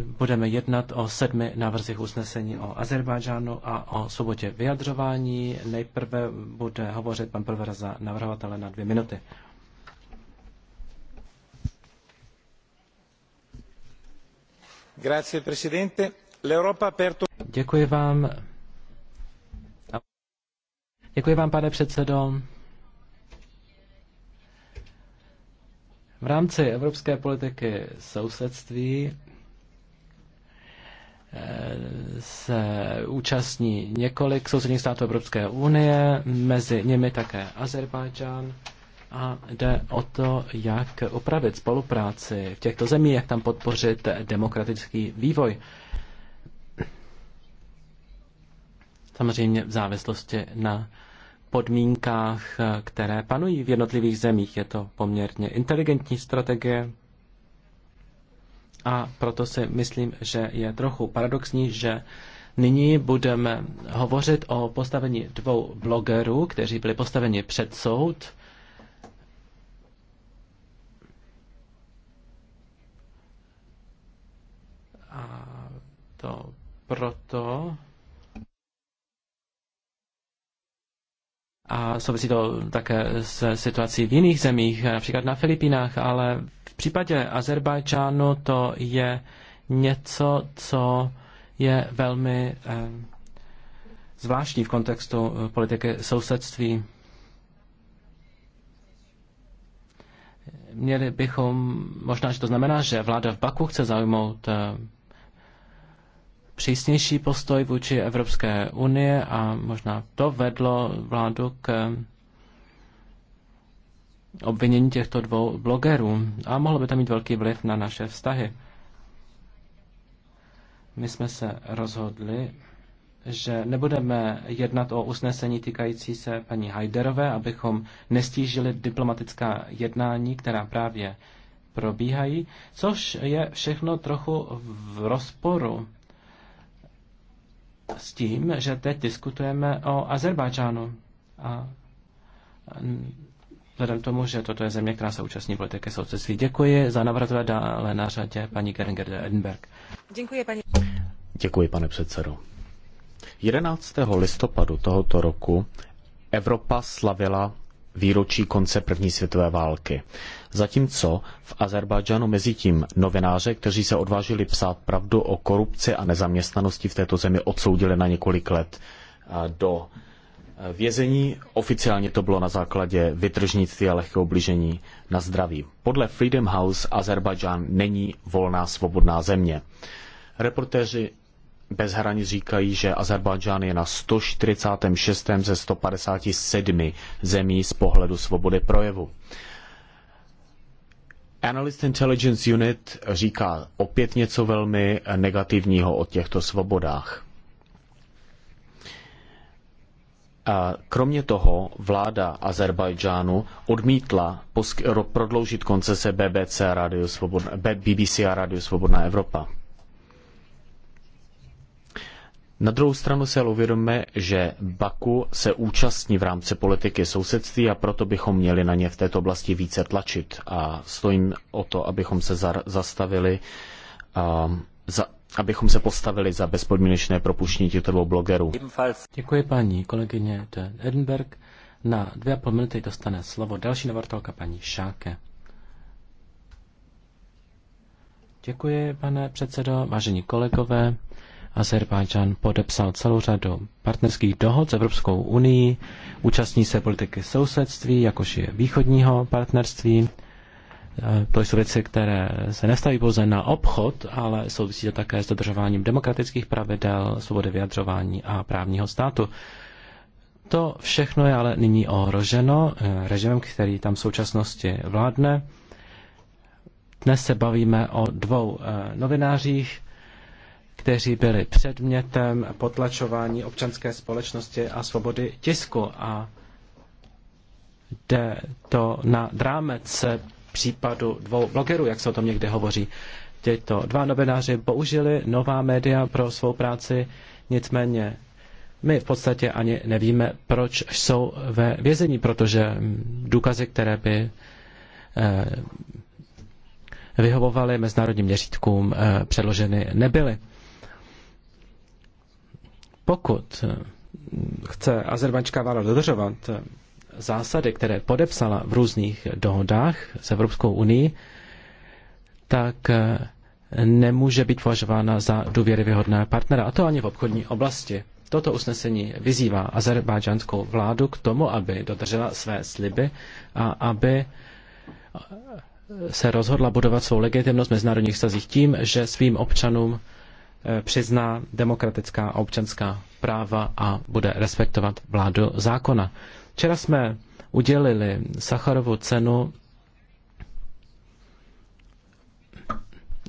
budeme jednat o sedmi návrzích usnesení o Azerbajdžánu a o svobodě vyjadřování. Nejprve bude hovořit pan Provera za navrhovatele na dvě minuty. Grazie, presidente. L'Europa Děkuji vám. Děkuji vám, pane předsedo. V rámci evropské politiky sousedství se účastní několik sousedních států Evropské unie, mezi nimi také Azerbajdžán a jde o to, jak upravit spolupráci v těchto zemích, jak tam podpořit demokratický vývoj. Samozřejmě v závislosti na podmínkách, které panují v jednotlivých zemích. Je to poměrně inteligentní strategie. A proto si myslím, že je trochu paradoxní, že nyní budeme hovořit o postavení dvou blogerů, kteří byli postaveni před soud. A to proto, a souvisí to také s situací v jiných zemích, například na Filipínách, ale v případě Azerbajdžánu to je něco, co je velmi eh, zvláštní v kontextu eh, politiky sousedství. Měli bychom, možná, že to znamená, že vláda v Baku chce zaujmout eh, přísnější postoj vůči Evropské unie a možná to vedlo vládu k obvinění těchto dvou blogerů a mohlo by to mít velký vliv na naše vztahy. My jsme se rozhodli, že nebudeme jednat o usnesení týkající se paní Hajderové, abychom nestížili diplomatická jednání, která právě probíhají, což je všechno trochu v rozporu s tím, že teď diskutujeme o Azerbajdžánu. A vzhledem tomu, že toto je země, která se účastní politiky sousedství. Děkuji za navratu dále na řadě paní Geringer de Edinburgh. Děkuji, paní. Děkuji, pane předsedo. 11. listopadu tohoto roku Evropa slavila výročí konce první světové války. Zatímco v Azerbajdžanu mezi tím novináře, kteří se odvážili psát pravdu o korupci a nezaměstnanosti v této zemi, odsoudili na několik let do e, vězení. Oficiálně to bylo na základě vytržnictví a lehkého blížení na zdraví. Podle Freedom House Azerbajdžan není volná svobodná země. Reportéři bez hranic říkají, že Azerbajdžán je na 146. ze 157 zemí z pohledu svobody projevu. Analyst Intelligence Unit říká opět něco velmi negativního o těchto svobodách. A kromě toho vláda Azerbajdžánu odmítla prodloužit koncese BBC, Radio Svobodná, BBC a Radio Svobodná Evropa. Na druhou stranu se uvědomme, že Baku se účastní v rámci politiky sousedství a proto bychom měli na ně v této oblasti více tlačit. A stojím o to, abychom se za, zastavili, a, za, abychom se postavili za bezpodmínečné propuštění těchto dvou blogerů. Děkuji paní kolegyně de Edinburgh. Na dvě a půl minuty dostane slovo další navrtelka paní Šáke. Děkuji, pane předsedo, vážení kolegové. Azerbajdžan podepsal celou řadu partnerských dohod s Evropskou unii, účastní se politiky sousedství, jakož je východního partnerství. E, to jsou věci, které se nestaví pouze na obchod, ale souvisí to také s dodržováním demokratických pravidel, svobody vyjadřování a právního státu. To všechno je ale nyní ohroženo e, režimem, který tam v současnosti vládne. Dnes se bavíme o dvou e, novinářích, kteří byli předmětem potlačování občanské společnosti a svobody tisku. A jde to na drámec případu dvou blogerů, jak se o tom někdy hovoří. Těto dva novináři použili nová média pro svou práci, nicméně my v podstatě ani nevíme, proč jsou ve vězení, protože důkazy, které by eh, vyhovovaly mezinárodním měřítkům, eh, předloženy nebyly. Pokud eh, chce azerbajdžská vláda dodržovat eh, zásady, které podepsala v různých dohodách s Evropskou unii, tak eh, nemůže být považována za důvěryvěhodné partnera, a to ani v obchodní oblasti. Toto usnesení vyzývá azerbajdžanskou vládu k tomu, aby dodržela své sliby a aby se rozhodla budovat svou legitimnost v mezinárodních stazích tím, že svým občanům Eh, přizná demokratická a občanská práva a bude respektovat vládu zákona. Včera jsme udělili Sacharovu cenu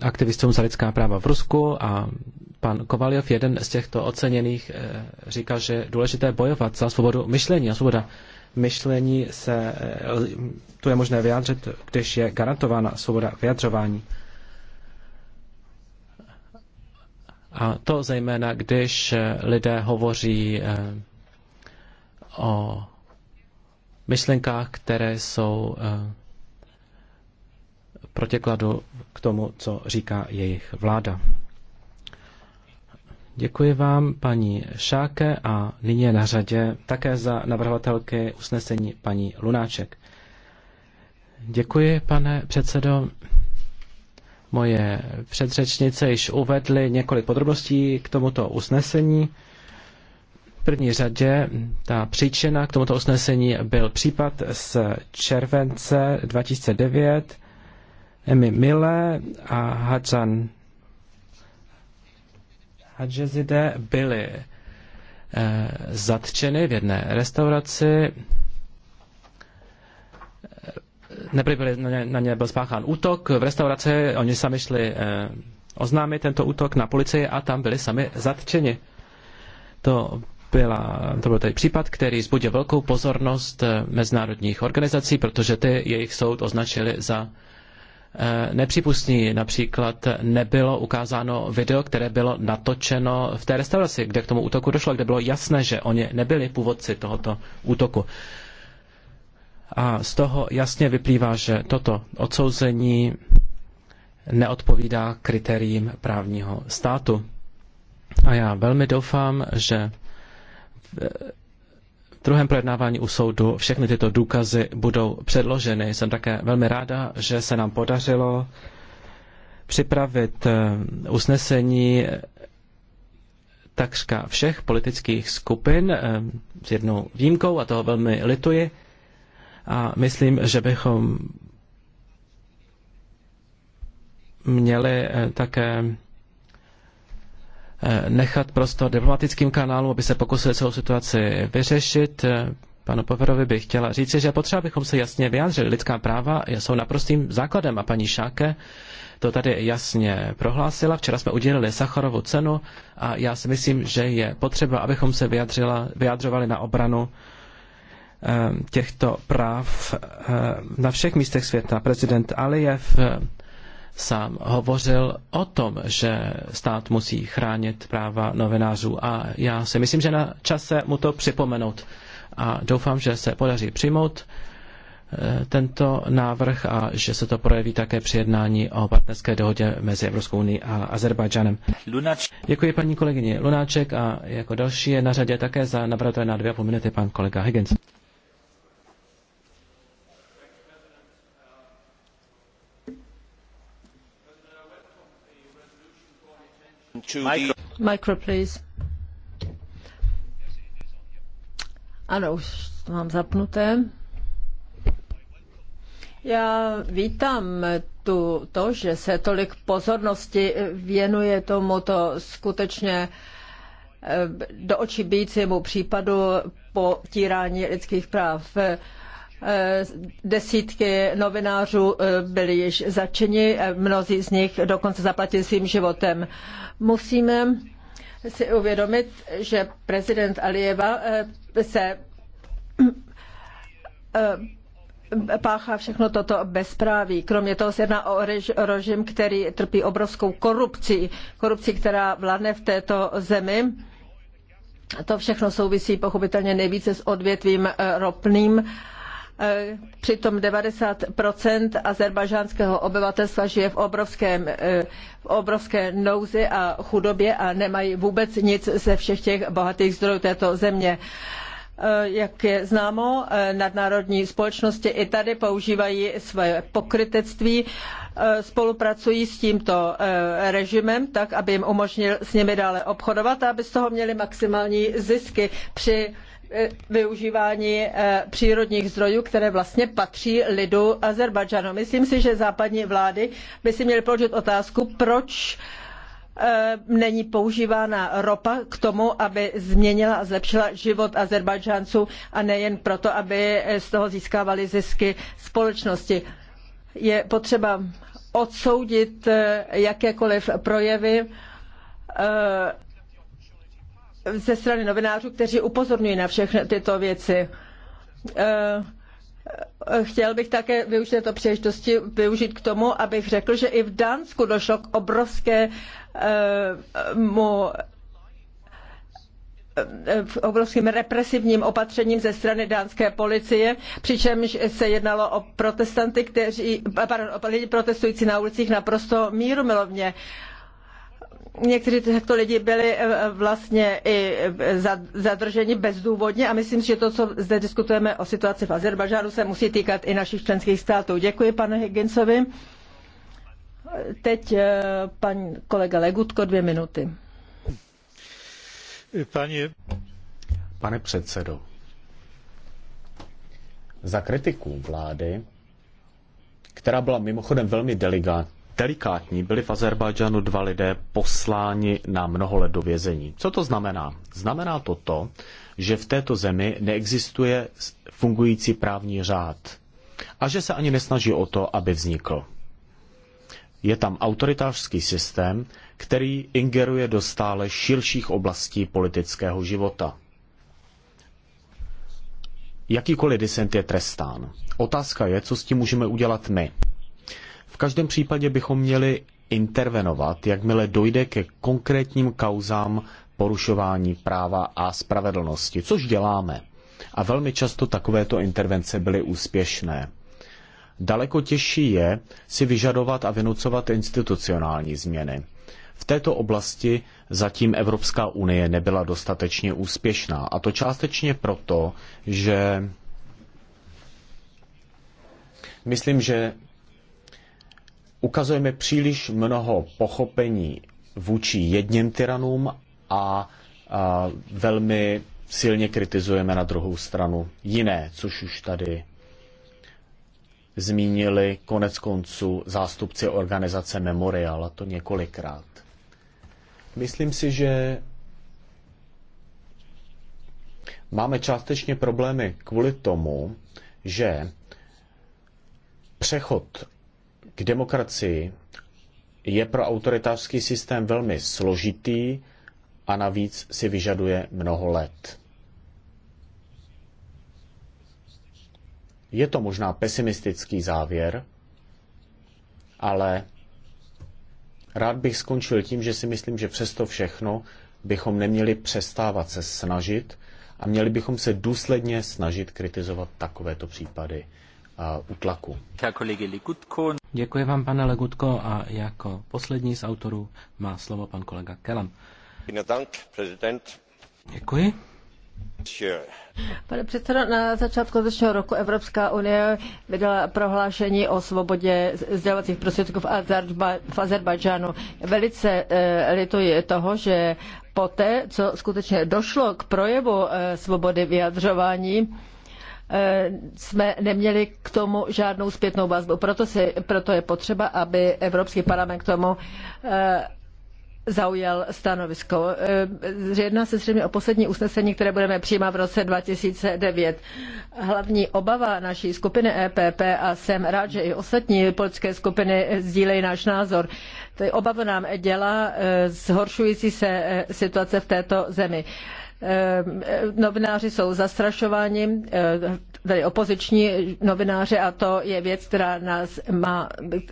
aktivistům za lidská práva v Rusku a pan Kovaljov, jeden z těchto oceněných, eh, říkal, že je důležité bojovat za svobodu myšlení a svoboda myšlení se, eh, tu je možné vyjádřit, když je garantována svoboda vyjadřování. A to zejména, když eh, lidé hovoří eh, o myšlenkách, které jsou eh, protikladu k tomu, co říká jejich vláda. Děkuji vám, paní Šáke, a nyní je na řadě také za navrhovatelky usnesení paní Lunáček. Děkuji, pane předsedo. Moje předřečnice již uvedly několik podrobností k tomuto usnesení. V první řadě ta příčina k tomuto usnesení byl případ z července 2009 Emi Mille a Hadžan Hadžezide byli eh, zatčeny v jedné restauraci nebyl na ně, na ně byl spáchán útok v restauraci, oni sami šli eh, oznámit tento útok na policii a tam byli sami zatčeni. To, byla, to byl tady případ, který zbudil velkou pozornost eh, mezinárodních organizací, protože ty jejich soud označili za eh, nepřípustný. Například nebylo ukázáno video, které bylo natočeno v té restauraci, kde k tomu útoku došlo, kde bylo jasné, že oni nebyli původci tohoto útoku. A z toho jasně vyplývá, že toto odsouzení neodpovídá kritériím právního státu. A já velmi doufám, že v druhém projednávání u soudu všechny tyto důkazy budou předloženy. Jsem také velmi ráda, že se nám podařilo připravit eh, usnesení takřka všech politických skupin eh, s jednou výjimkou a toho velmi lituji a myslím, že bychom měli eh, také eh, nechat prostor diplomatickým kanálům, aby se pokusili celou situaci vyřešit. Eh, panu Poverovi bych chtěla říci, že potřeba bychom se jasně vyjádřili. Lidská práva jsou naprostým základem a paní Šáke to tady jasně prohlásila. Včera jsme udělili Sacharovu cenu a já si myslím, že je potřeba, abychom se vyjadřovali na obranu Eh, těchto práv eh, na všech místech světa. Prezident Alijev eh, sám hovořil o tom, že stát musí chránit práva novinářů a já si myslím, že na čase mu to připomenout a doufám, že se podaří přijmout tento návrh a že se to projeví také při jednání o partnerské dohodě mezi Evropskou unii a Azerbajdžanem. Děkuji paní kolegyni Lunáček a jako další je na řadě také za nabraté na dvě a půl minuty pan kolega Higgins. Micro, please. Ano, Já vítám tu, to, že se tolik pozornosti věnuje tomuto skutečně eh, do očí bícímu případu potírání lidských práv. Eh, desítky novinářů eh, byli již začeni, eh, mnozí z nich dokonce zaplatili svým životem. Musíme si uvědomit, že prezident Alieva se páchá všechno toto bezpráví. Kromě toho se jedná o režim, který trpí obrovskou korupcí, korupcí, která vládne v této zemi. To všechno souvisí pochopitelně nejvíce s odvětvím ropným Eh, přitom ninety ázerbájdžánského obyvatelstva žije v, eh, v obrovské nouzi a chudobě a nemají vůbec nic ze všech těch bohatých zdrojů této země. Eh, jak je známo, nadnárodní společnosti i tady používají své pokrytectví, spolupracují s tímto režimem, tak aby jim umožnil s nimi dále obchodovat a aby z toho měli maximální zisky při Eh, využívání eh, přírodních zdrojů, které vlastně patří lidu azerbajdžanu. Myslím si, že západní vlády by si měly položit otázku, proč eh, není používána ropa k tomu, aby změnila a zlepšila život Azerbajdžánců a nejen proto, aby z toho získávali zisky společnosti. Je potřeba odsoudit jakékoliv projevy ze strany novinářů, kteří upozorňují na všechny tyto věci. Eh, eh, chtěl bych také využít této příležitosti využít k tomu, abych řekl, že i v Dánsku došlo k obrovskému eh, obrovským represivním opatřením ze strany dánské policie, přičemž se jednalo o protestanty, kteří, pardon, o lidi protestující na ulicích naprosto mírumilovně. milovně Někteří těchto lidí byli eh, vlastně i eh, zadrženi bezdůvodně a myslím, že to, co zde diskutujeme o situaci v Azerbajdžánu, se musí týkat i našich členských států. Děkuji panu Higginsovi. Teď eh, pan kolega Legutko, dvě minuty. Pane, Pane předsedo, za kritiku vlády, která byla mimochodem velmi delikátní, delikátní, byli v Azerbajdžanu dva lidé posláni na mnoho let do vězení. Co to znamená? Znamená to to, že v této zemi neexistuje fungující právní řád a že se ani nesnaží o to, aby vznikl. Je tam autoritářský systém, který ingeruje do stále širších oblastí politického života. Jakýkoliv disent je trestán. Otázka je, co s tím můžeme udělat my. V každém případě bychom měli intervenovat, jakmile dojde ke konkrétním kauzám porušování práva a spravedlnosti, což děláme. A velmi často takovéto intervence byly úspěšné. Daleko těžší je si vyžadovat a vynucovat institucionální změny. V této oblasti zatím Evropská unie nebyla dostatečně úspěšná. A to částečně proto, že myslím, že ukazujeme příliš mnoho pochopení vůči jedním tyranům a, a velmi silně kritizujeme na druhou stranu jiné, což už tady zmínili konec konců zástupci organizace Memorial, a to několikrát. Myslím si, že máme částečně problémy kvůli tomu, že přechod k demokracii je pro autoritářský systém velmi složitý a navíc si vyžaduje mnoho let. Je to možná pesimistický závěr, ale rád bych skončil tím, že si myslím, že přesto všechno bychom neměli přestávat se snažit a měli bychom se důsledně snažit kritizovat takovéto případy útlaku. Děkuji vám, pane Legutko, a jako poslední z autorů má slovo pan kolega Kelam. Děkuji. Pane předsedo, na začátku letošního roku Evropská unie vydala prohlášení o svobodě sdělovacích prostředků v, Azerba, v Azerbajdžánu. Velice eh, lituji toho, že poté, co skutečně došlo k projevu eh, svobody vyjadřování, eh, Eh, jsme neměli k tomu žádnou zpětnou vazbu. Proto, si, proto je potřeba, aby Evropský parlament k tomu eh, zaujal stanovisko. Eh, jedná se zřejmě o poslední usnesení, které budeme přijímat v roce 2009. Hlavní obava naší skupiny EPP, a jsem rád, že i ostatní politické skupiny sdílejí náš názor, to obava nám dělá zhoršující se situace v této zemi. Ehm, novináři jsou zastrašováni, eh, tady opoziční novináři a to je věc, která, nás má,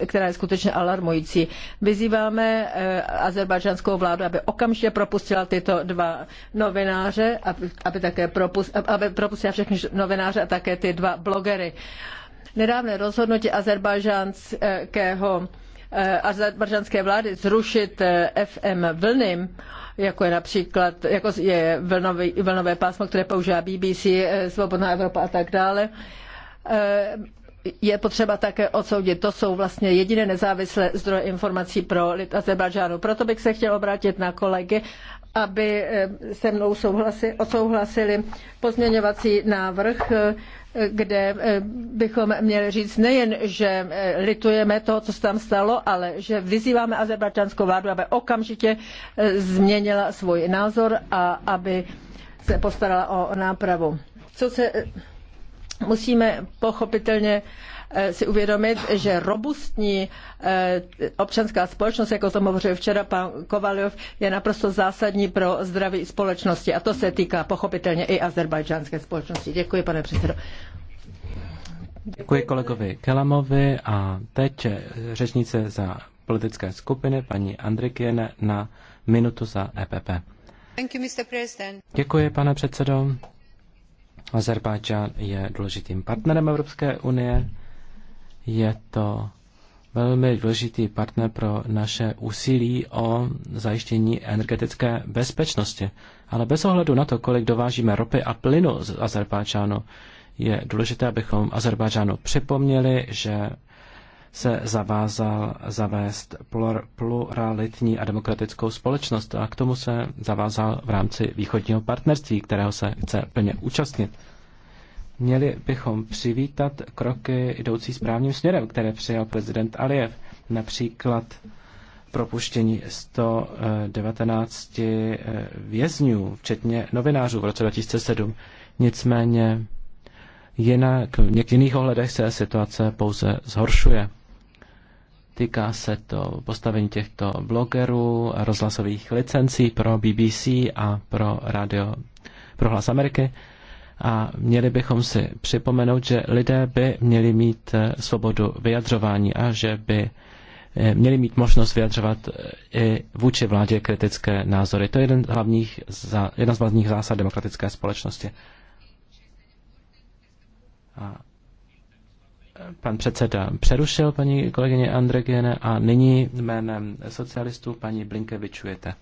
která je skutečně alarmující. Vyzýváme eh, azerbajdžanskou vládu, aby okamžitě propustila tyto dva novináře, aby, aby také propust, aby propustila všechny novináře a také ty dva blogery. Nedávné rozhodnutí azerbajdžanského Eh, azerbajdžanské vlády zrušit eh, FM vlny, jako je například jako je vlnový, vlnové pásmo, které používá BBC, eh, Svobodná Evropa a tak dále, je potřeba také odsoudit. To jsou vlastně jediné nezávislé zdroje informací pro lid Azerbajdžánu. Proto bych se chtěl obrátit na kolegy, aby se mnou souhlasi, odsouhlasili pozměňovací návrh kde eh, bychom měli říct nejen, že eh, litujeme toho, co se tam stalo, ale že vyzýváme azerbajdžanskou vládu, aby okamžitě eh, změnila svůj názor a aby se postarala o nápravu. Co se musíme pochopitelně uh, Eh, si uvědomit, že robustní eh, občanská společnost, jako to hovořil včera pan Kovaljov, je naprosto zásadní pro zdraví společnosti. A to se týká pochopitelně i azerbajdžánské společnosti. Děkuji, pane předsedo. Děkuji kolegovi Kelamovi a teď řečnice za politické skupiny paní Andrikiene na minutu za EPP. Děkuji, pane předsedo. Azerbajdžán je důležitým partnerem Evropské unie je to velmi důležitý partner pro naše úsilí o zajištění energetické bezpečnosti. Ale bez ohledu na to, kolik dovážíme ropy a plynu z Azerbajdžánu, je důležité, abychom Azerbajdžánu připomněli, že se zavázal zavést pluralitní a demokratickou společnost a k tomu se zavázal v rámci východního partnerství, kterého se chce plně účastnit. Měli bychom přivítat kroky jdoucí správným směrem, které přijal prezident Aliyev, například propuštění 119 eh, vězňů, včetně novinářů v roce 2007. Nicméně jinak, v některých ohledech se situace pouze zhoršuje. Týká se to postavení těchto blogerů, rozhlasových licencí pro BBC a pro radio Prohlas Ameriky a měli bychom si připomenout, že lidé by měli mít eh, svobodu vyjadřování a že by eh, měli mít možnost vyjadřovat eh, i vůči vládě kritické názory. To je jeden z hlavních, jedna z hlavních zásad demokratické společnosti. A pan předseda přerušil paní kolegyně Andregiene a nyní jménem socialistů paní Blinkevičujete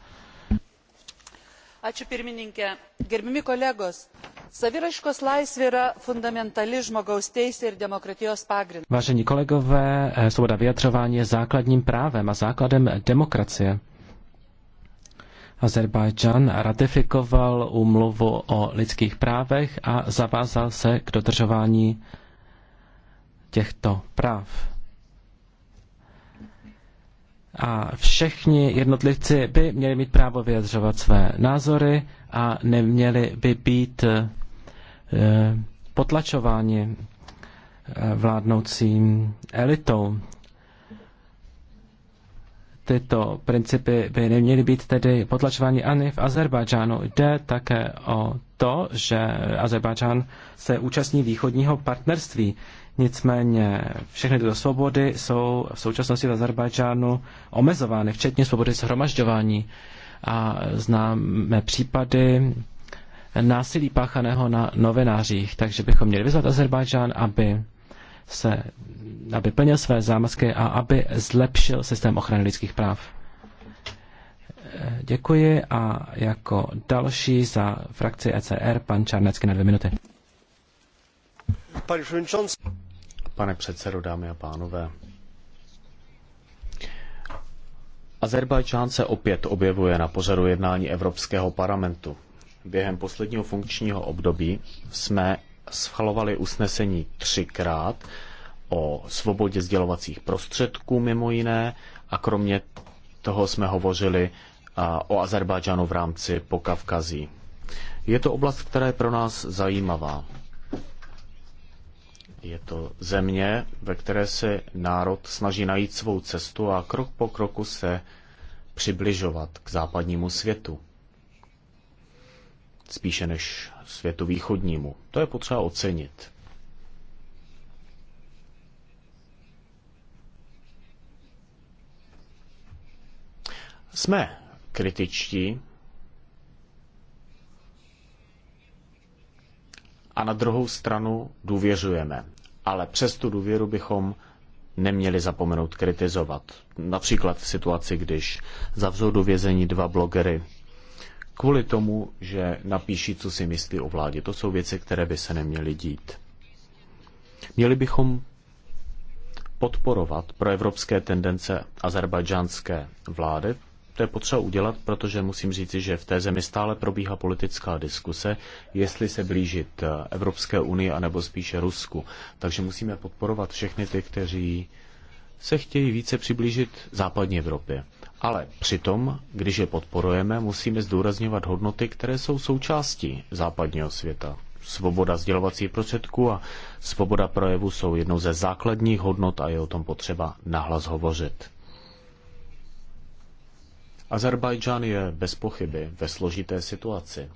saviraiškos laisvė yra fundamentali žmogaus teisė ir demokratijos pagrindas. Vážení kolegové, eh, svoboda vyjadřování je základním právem a základem demokracie. Azerbajdžan ratifikoval úmluvu o lidských právech a zavázal se k dodržování těchto práv a všichni jednotlivci by měli mít právo vyjadřovat své názory a neměli by být eh, potlačováni eh, vládnoucím elitou. Tyto principy by neměly být tedy potlačovány ani v Azerbajdžánu. Jde také o to, že Azerbajdžán se účastní východního partnerství. Nicméně všechny tyto svobody jsou v současnosti v Azerbajdžánu omezovány, včetně svobody shromažďování. A známe případy násilí páchaného na novinářích, takže bychom měli vyzvat Azerbajdžán, aby se, aby plnil své zámazky a aby zlepšil systém ochrany lidských práv. Děkuji a jako další za frakci ECR pan Čarnecky na dvě minuty. Pane předsedo, dámy a pánové, Azerbajdžán se opět objevuje na pořadu jednání Evropského parlamentu. Během posledního funkčního období jsme schvalovali usnesení třikrát o svobodě sdělovacích prostředků mimo jiné a kromě toho jsme hovořili o Azerbajdžánu v rámci Pokavkazí. Je to oblast, která je pro nás zajímavá. Je to země, ve které se národ snaží najít svou cestu a krok po kroku se přibližovat k západnímu světu spíše než světu východnímu. To je potřeba ocenit. Jsme kritičtí a na druhou stranu důvěřujeme. Ale přes tu důvěru bychom neměli zapomenout kritizovat. Například v situaci, když zavřou do vězení dva blogery kvůli tomu, že napíší, co si myslí o vládě. To jsou věci, které by se neměly dít. Měli bychom podporovat proevropské tendence azerbajdžánské vlády. To je potřeba udělat, protože musím říci, že v té zemi stále probíhá politická diskuse, jestli se blížit Evropské unii anebo spíše Rusku. Takže musíme podporovat všechny ty, kteří se chtějí více přiblížit západní Evropě. Ale přitom, když je podporujeme, musíme zdůrazňovat hodnoty, které jsou součástí západního světa. Svoboda sdělovací prostředků a svoboda projevu jsou jednou ze základních hodnot a je o tom potřeba nahlas hovořit. Azerbajdžán je bez pochyby ve složité situaci.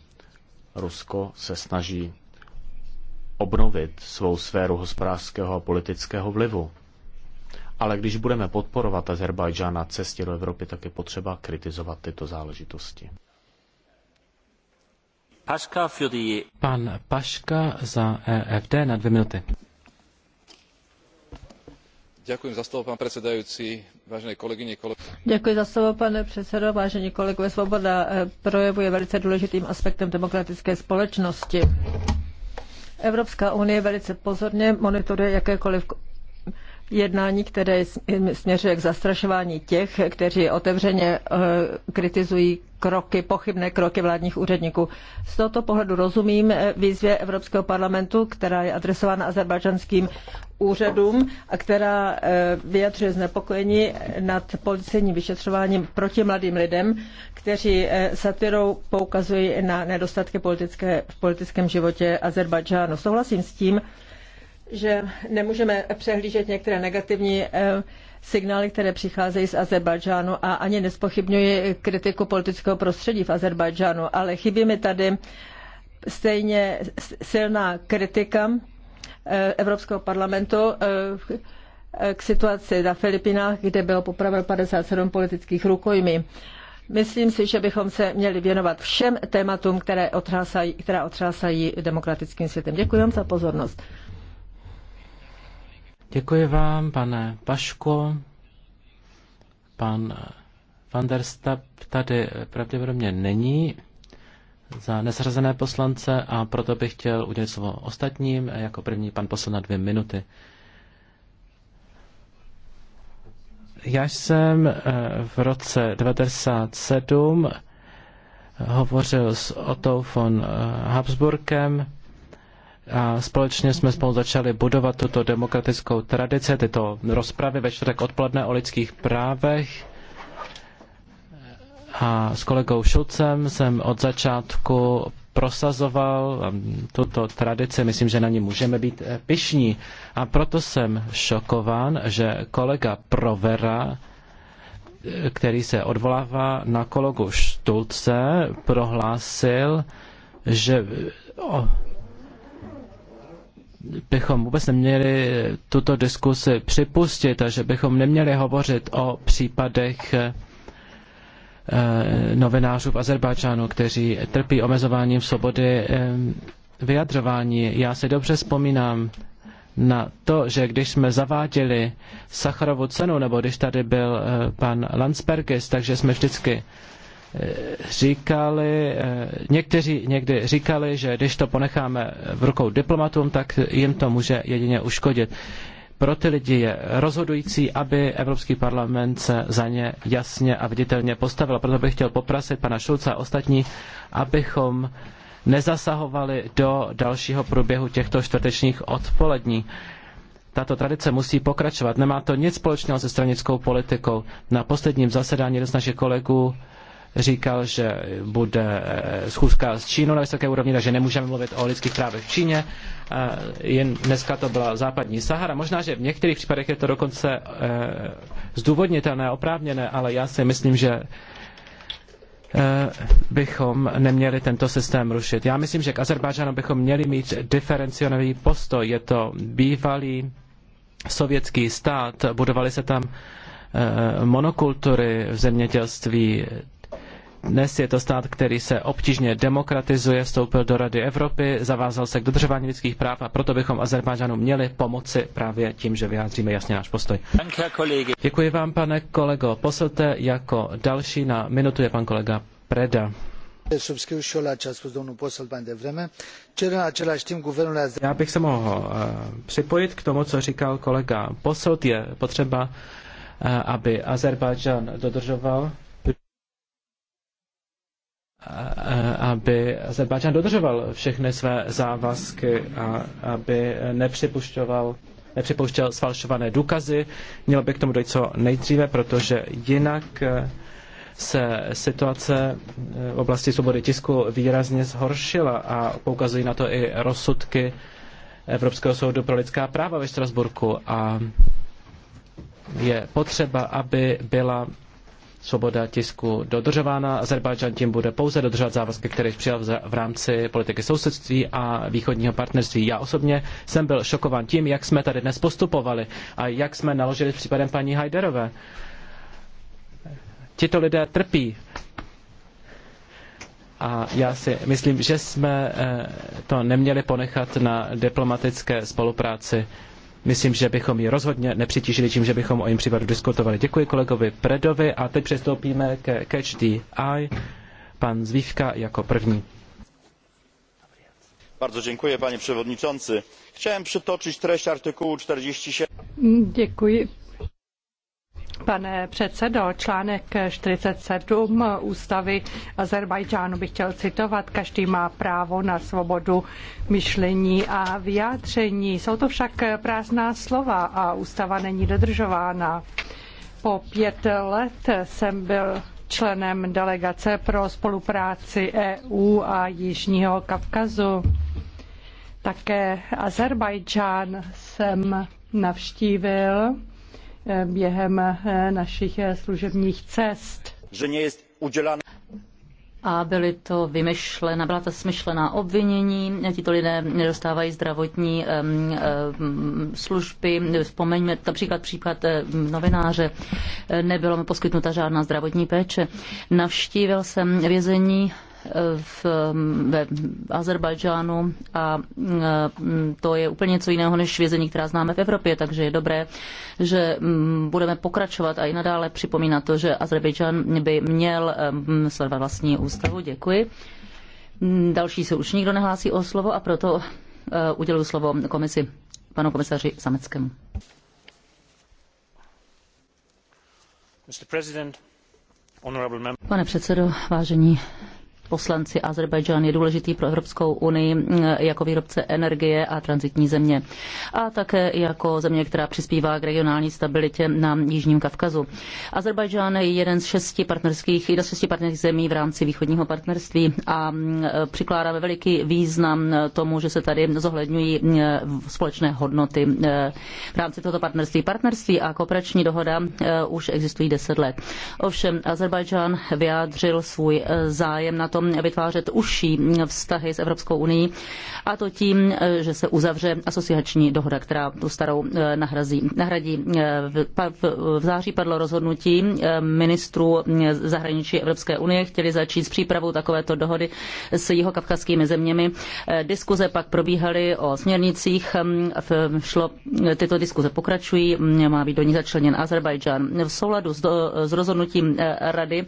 Rusko se snaží obnovit svou sféru hospodářského a politického vlivu. Ale když budeme podporovat Azerbajdžán na cestě do Evropy, tak je potřeba kritizovat tyto záležitosti. Paška für die... Pan Paška za EFD na dvě minuty. Děkuji za slovo, pan předsedající, vážené kolegyně, kolegové. Děkuji za slovo, pane předsedo, vážení kolegové. Svoboda eh, projevuje je velice důležitým aspektem demokratické společnosti. Evropská unie velice pozorně monitoruje jakékoliv jednání, které směřuje k zastrašování těch, kteří otevřeně eh, kritizují kroky, pochybné kroky vládních úředníků. Z tohoto pohledu rozumím eh, výzvě Evropského parlamentu, která je adresována azerbajdžanským úřadům a která eh, vyjadřuje znepokojení nad policejním vyšetřováním proti mladým lidem, kteří satirou poukazují na nedostatky politické, v politickém životě Azerbajdžánu. Souhlasím s tím, že nemůžeme přehlížet některé negativní eh, signály, které přicházejí z Azerbajdžánu a ani nespochybňuji kritiku politického prostředí v Azerbajdžánu, ale chybí mi tady stejně silná kritika eh, Evropského parlamentu eh, k situaci na Filipinách, kde bylo popraveno 57 politických rukojmí. Myslím si, že bychom se měli věnovat všem tématům, které otřásají, která otřásají demokratickým světem. Děkuji vám za pozornost. Děkuji vám, pane Paško. Pan van der Stap tady pravděpodobně není za nesrazené poslance a proto bych chtěl udělat slovo ostatním. Jako první pan poslan na dvě minuty. Já jsem eh, v roce 1997 hovořil s Otto von eh, Habsburkem, a společně jsme spolu začali budovat tuto demokratickou tradici, tyto rozpravy ve čtvrtek odpoledne o lidských právech. A s kolegou Šulcem jsem od začátku prosazoval um, tuto tradici, myslím, že na ní můžeme být eh, pišní. A proto jsem šokován, že kolega Provera, eh, který se odvolává na kolegu Štulce, prohlásil, že eh, bychom vůbec neměli tuto diskusi připustit a že bychom neměli hovořit o případech eh, novinářů v Azerbajdžánu, kteří trpí omezováním svobody eh, vyjadřování. Já si dobře vzpomínám na to, že když jsme zaváděli Sacharovu cenu, nebo když tady byl eh, pan Landsbergis, takže jsme vždycky říkali, eh, někteří někdy říkali, že když to ponecháme v rukou diplomatům, tak jim to může jedině uškodit. Pro ty lidi je rozhodující, aby Evropský parlament se za ně jasně a viditelně postavil. Proto bych chtěl poprosit pana Šulce a ostatní, abychom nezasahovali do dalšího průběhu těchto čtvrtečních odpolední. Tato tradice musí pokračovat. Nemá to nic společného se stranickou politikou. Na posledním zasedání jeden z našich kolegů říkal, že bude eh, schůzka s Čínou na vysoké úrovni, takže nemůžeme mluvit o lidských právech v Číně. Eh, jen dneska to byla západní Sahara. Možná, že v některých případech je to dokonce eh, zdůvodnitelné, oprávněné, ale já si myslím, že bychom neměli tento systém rušit. Já myslím, že k Azerbajdžánu bychom měli mít diferencionový postoj. Je to bývalý sovětský stát, budovaly se tam monokultury v zemědělství, dnes je to stát, který se obtížně demokratizuje, vstoupil do Rady Evropy, zavázal se k dodržování lidských práv a proto bychom Azerbajdžanu měli pomoci právě tím, že vyjádříme jasně náš postoj. Děkuji vám, pane kolego. Poslte jako další na minutu je pan kolega Preda. devreme. Já bych se mohl eh, připojit k tomu, co říkal kolega Posolt. Je potřeba, eh, aby Azerbajdžan dodržoval aby Azerbajdžán dodržoval všechny své závazky a aby nepřipušťoval nepřipouštěl sfalšované důkazy. Mělo by k tomu dojít co nejdříve, protože jinak eh, se situace eh, v oblasti svobody tisku výrazně zhoršila a poukazují na to i rozsudky Evropského soudu pro lidská práva ve Štrasburku a je potřeba, aby byla svoboda tisku dodržována. Azerbajdžan tím bude pouze dodržovat závazky, které přijal v rámci politiky sousedství a východního partnerství. Já osobně jsem byl šokován tím, jak jsme tady dnes postupovali a jak jsme naložili s případem paní Hajderové. Tito lidé trpí. A já si myslím, že jsme eh, to neměli ponechat na diplomatické spolupráci myslím, že bychom ji rozhodně nepřitížili tím, že bychom o jim případu diskutovali. Děkuji kolegovi Predovi a teď přestoupíme ke Catch the Eye. Pan Zvívka jako první. Bardzo dziękuję, panie przewodniczący. Chciałem przytoczyć treść artykułu 47. Dziękuję. Pane předsedo, článek 47 ústavy Azerbajdžánu bych chtěl citovat. Každý má právo na svobodu myšlení a vyjádření. Jsou to však prázdná slova a ústava není dodržována. Po pět let jsem byl členem delegace pro spolupráci EU a Jižního Kavkazu. Také Azerbajdžán jsem navštívil během eh, našich eh, služebních cest. Že jest udělána a byly to vymyšlená, byla to smyšlená obvinění, tito lidé nedostávají zdravotní služby. Vzpomeňme například příklad eh, novináře, nebyla mu poskytnuta žádná zdravotní péče. Navštívil jsem vězení v, ve Azerbajdžánu a mm, to je úplně něco jiného než vězení, která známe v Evropě, takže je dobré, že mm, budeme pokračovat a i nadále připomínat to, že Azerbajdžán by měl mm, sledovat vlastní ústavu. Děkuji. Další se už nikdo nehlásí o slovo a proto e, uděluji slovo komisi, panu komisaři Sameckému. Pane předsedo, vážení poslanci Azerbajdžán je důležitý pro Evropskou unii eh, jako výrobce energie a transitní země a také jako země, která přispívá k regionální stabilitě na Jižním Kavkazu. Azerbajdžán je jeden z šesti partnerských, jedna z šesti partnerských zemí v rámci východního partnerství a eh, přikládáme veliký význam eh, tomu, že se tady zohledňují společné hodnoty v rámci tohoto partnerství. Partnerství a kooperační dohoda už existují deset let. Ovšem Azerbajdžán vyjádřil svůj zájem na tom, potom vytvářet užší vztahy s Evropskou unii a to tím, že se uzavře asociační dohoda, která tu starou eh, nahrazí, nahradí. Eh, v, září padlo rozhodnutí eh, ministrů zahraničí Evropské unie, chtěli začít s přípravou takovéto dohody s jihokavkazskými zeměmi. Diskuze pak probíhaly o směrnicích, šlo, tyto diskuze pokračují, mm, má být do ní začleněn Azerbajdžán. V souladu s, do, s rozhodnutím rady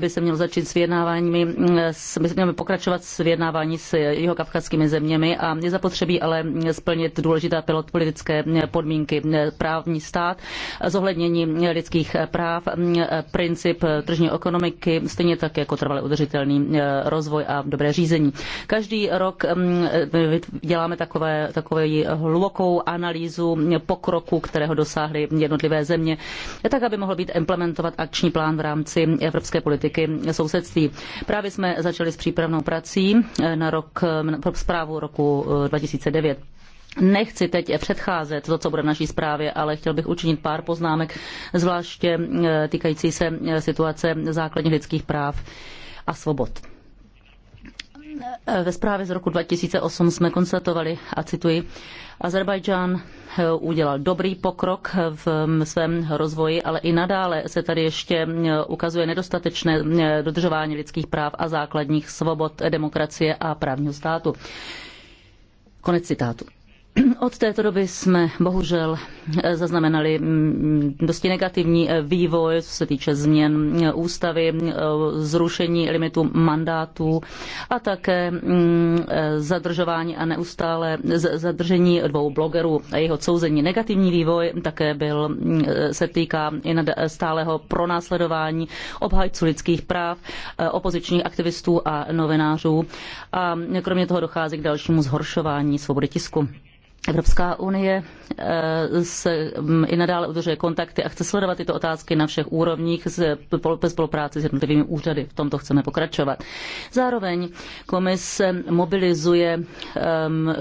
by se měl začít s vyjednáváními mm, my měli pokračovat s vyjednávání s jeho kavkazskými zeměmi a je zapotřebí ale splnit důležité politické podmínky právní stát, zohlednění lidských práv, princip tržní ekonomiky, stejně tak jako trvale udržitelný eh, rozvoj a dobré řízení. Každý rok mm, děláme takové, takovou hlubokou analýzu pokroku, kterého dosáhly jednotlivé země, tak, aby mohl být implementovat akční plán v rámci evropské politiky sousedství. Právě jsme začali s přípravnou prací eh, na rok, eh, na zprávu roku 2009. Eh, Nechci teď předcházet to, co bude v naší zprávě, ale chtěl bych učinit pár poznámek, zvláště týkající se situace základních lidských práv a svobod. Ve zprávě z roku 2008 jsme konstatovali, a cituji, Azerbajdžán eh, udělal dobrý pokrok v mm, svém rozvoji, ale i nadále se tady ještě eh, ukazuje nedostatečné eh, dodržování lidských práv a základních svobod demokracie a právního státu. Konec citátu. Od této doby jsme bohužel eh, zaznamenali mm, mm, dosti negativní eh, vývoj, co se týče změn eh, ústavy, zrušení limitu mandátů a také mm, zadržování a neustále zadržení dvou blogerů a jeho odsouzení. Negativní vývoj také byl, se týká i stálého pronásledování obhajců lidských práv, opozičních aktivistů a novinářů. A kromě toho dochází k dalšímu zhoršování svobody tisku. Evropská unie eh, se mm, i nadále udržuje kontakty a chce sledovat tyto otázky na všech úrovních ve spolupráci s jednotlivými úřady. V tomto chceme pokračovat. Zároveň komise mobilizuje ehm,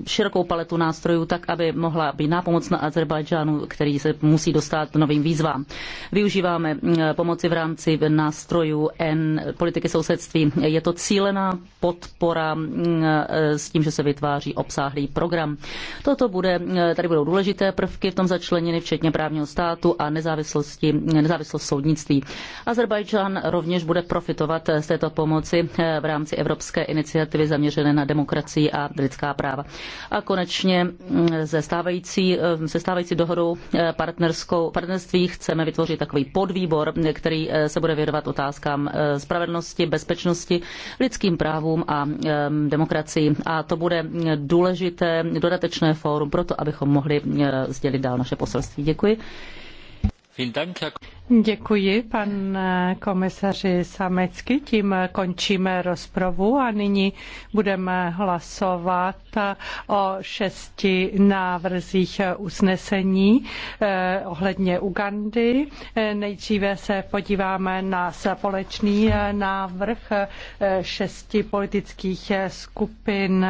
eh, širokou paletu nástrojů tak, aby mohla být nápomocna Azerbajdžánu, který se musí dostat novým výzvám. Využíváme eh, pomoci v rámci nástrojů N politiky sousedství. Je to cílená podpora mm, s tím, že se vytváří obsáhlý program. Toto bude, eh, tady budou důležité prvky v tom začleněny, včetně právního státu a nezávislosti, nezávislost soudnictví. Azerbajdžán rovněž bude profitovat eh, z této pomoci eh, v rámci Evropské iniciativy zaměřené na demokracii a lidská práva. A konečně mm, ze stávající, se stávající dohodou partnerskou, partnerství chceme vytvořit takový podvýbor, který se bude věnovat otázkám spravedlnosti, bezpečnosti, lidským právům a demokracii. A to bude mm, důležité dodat dostatečné fórum pro to, abychom mohli eh, sdělit dál naše poselství. Děkuji. Děkuji, pan komisaři Samecky. Tím končíme rozpravu a nyní budeme hlasovat o šesti návrzích usnesení eh, ohledně Ugandy. Eh, nejdříve se podíváme na společný eh, návrh šesti politických skupin.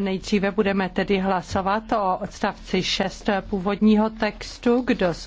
Nejdříve budeme tedy hlasovat o odstavci 6 původního textu. Kdo jsou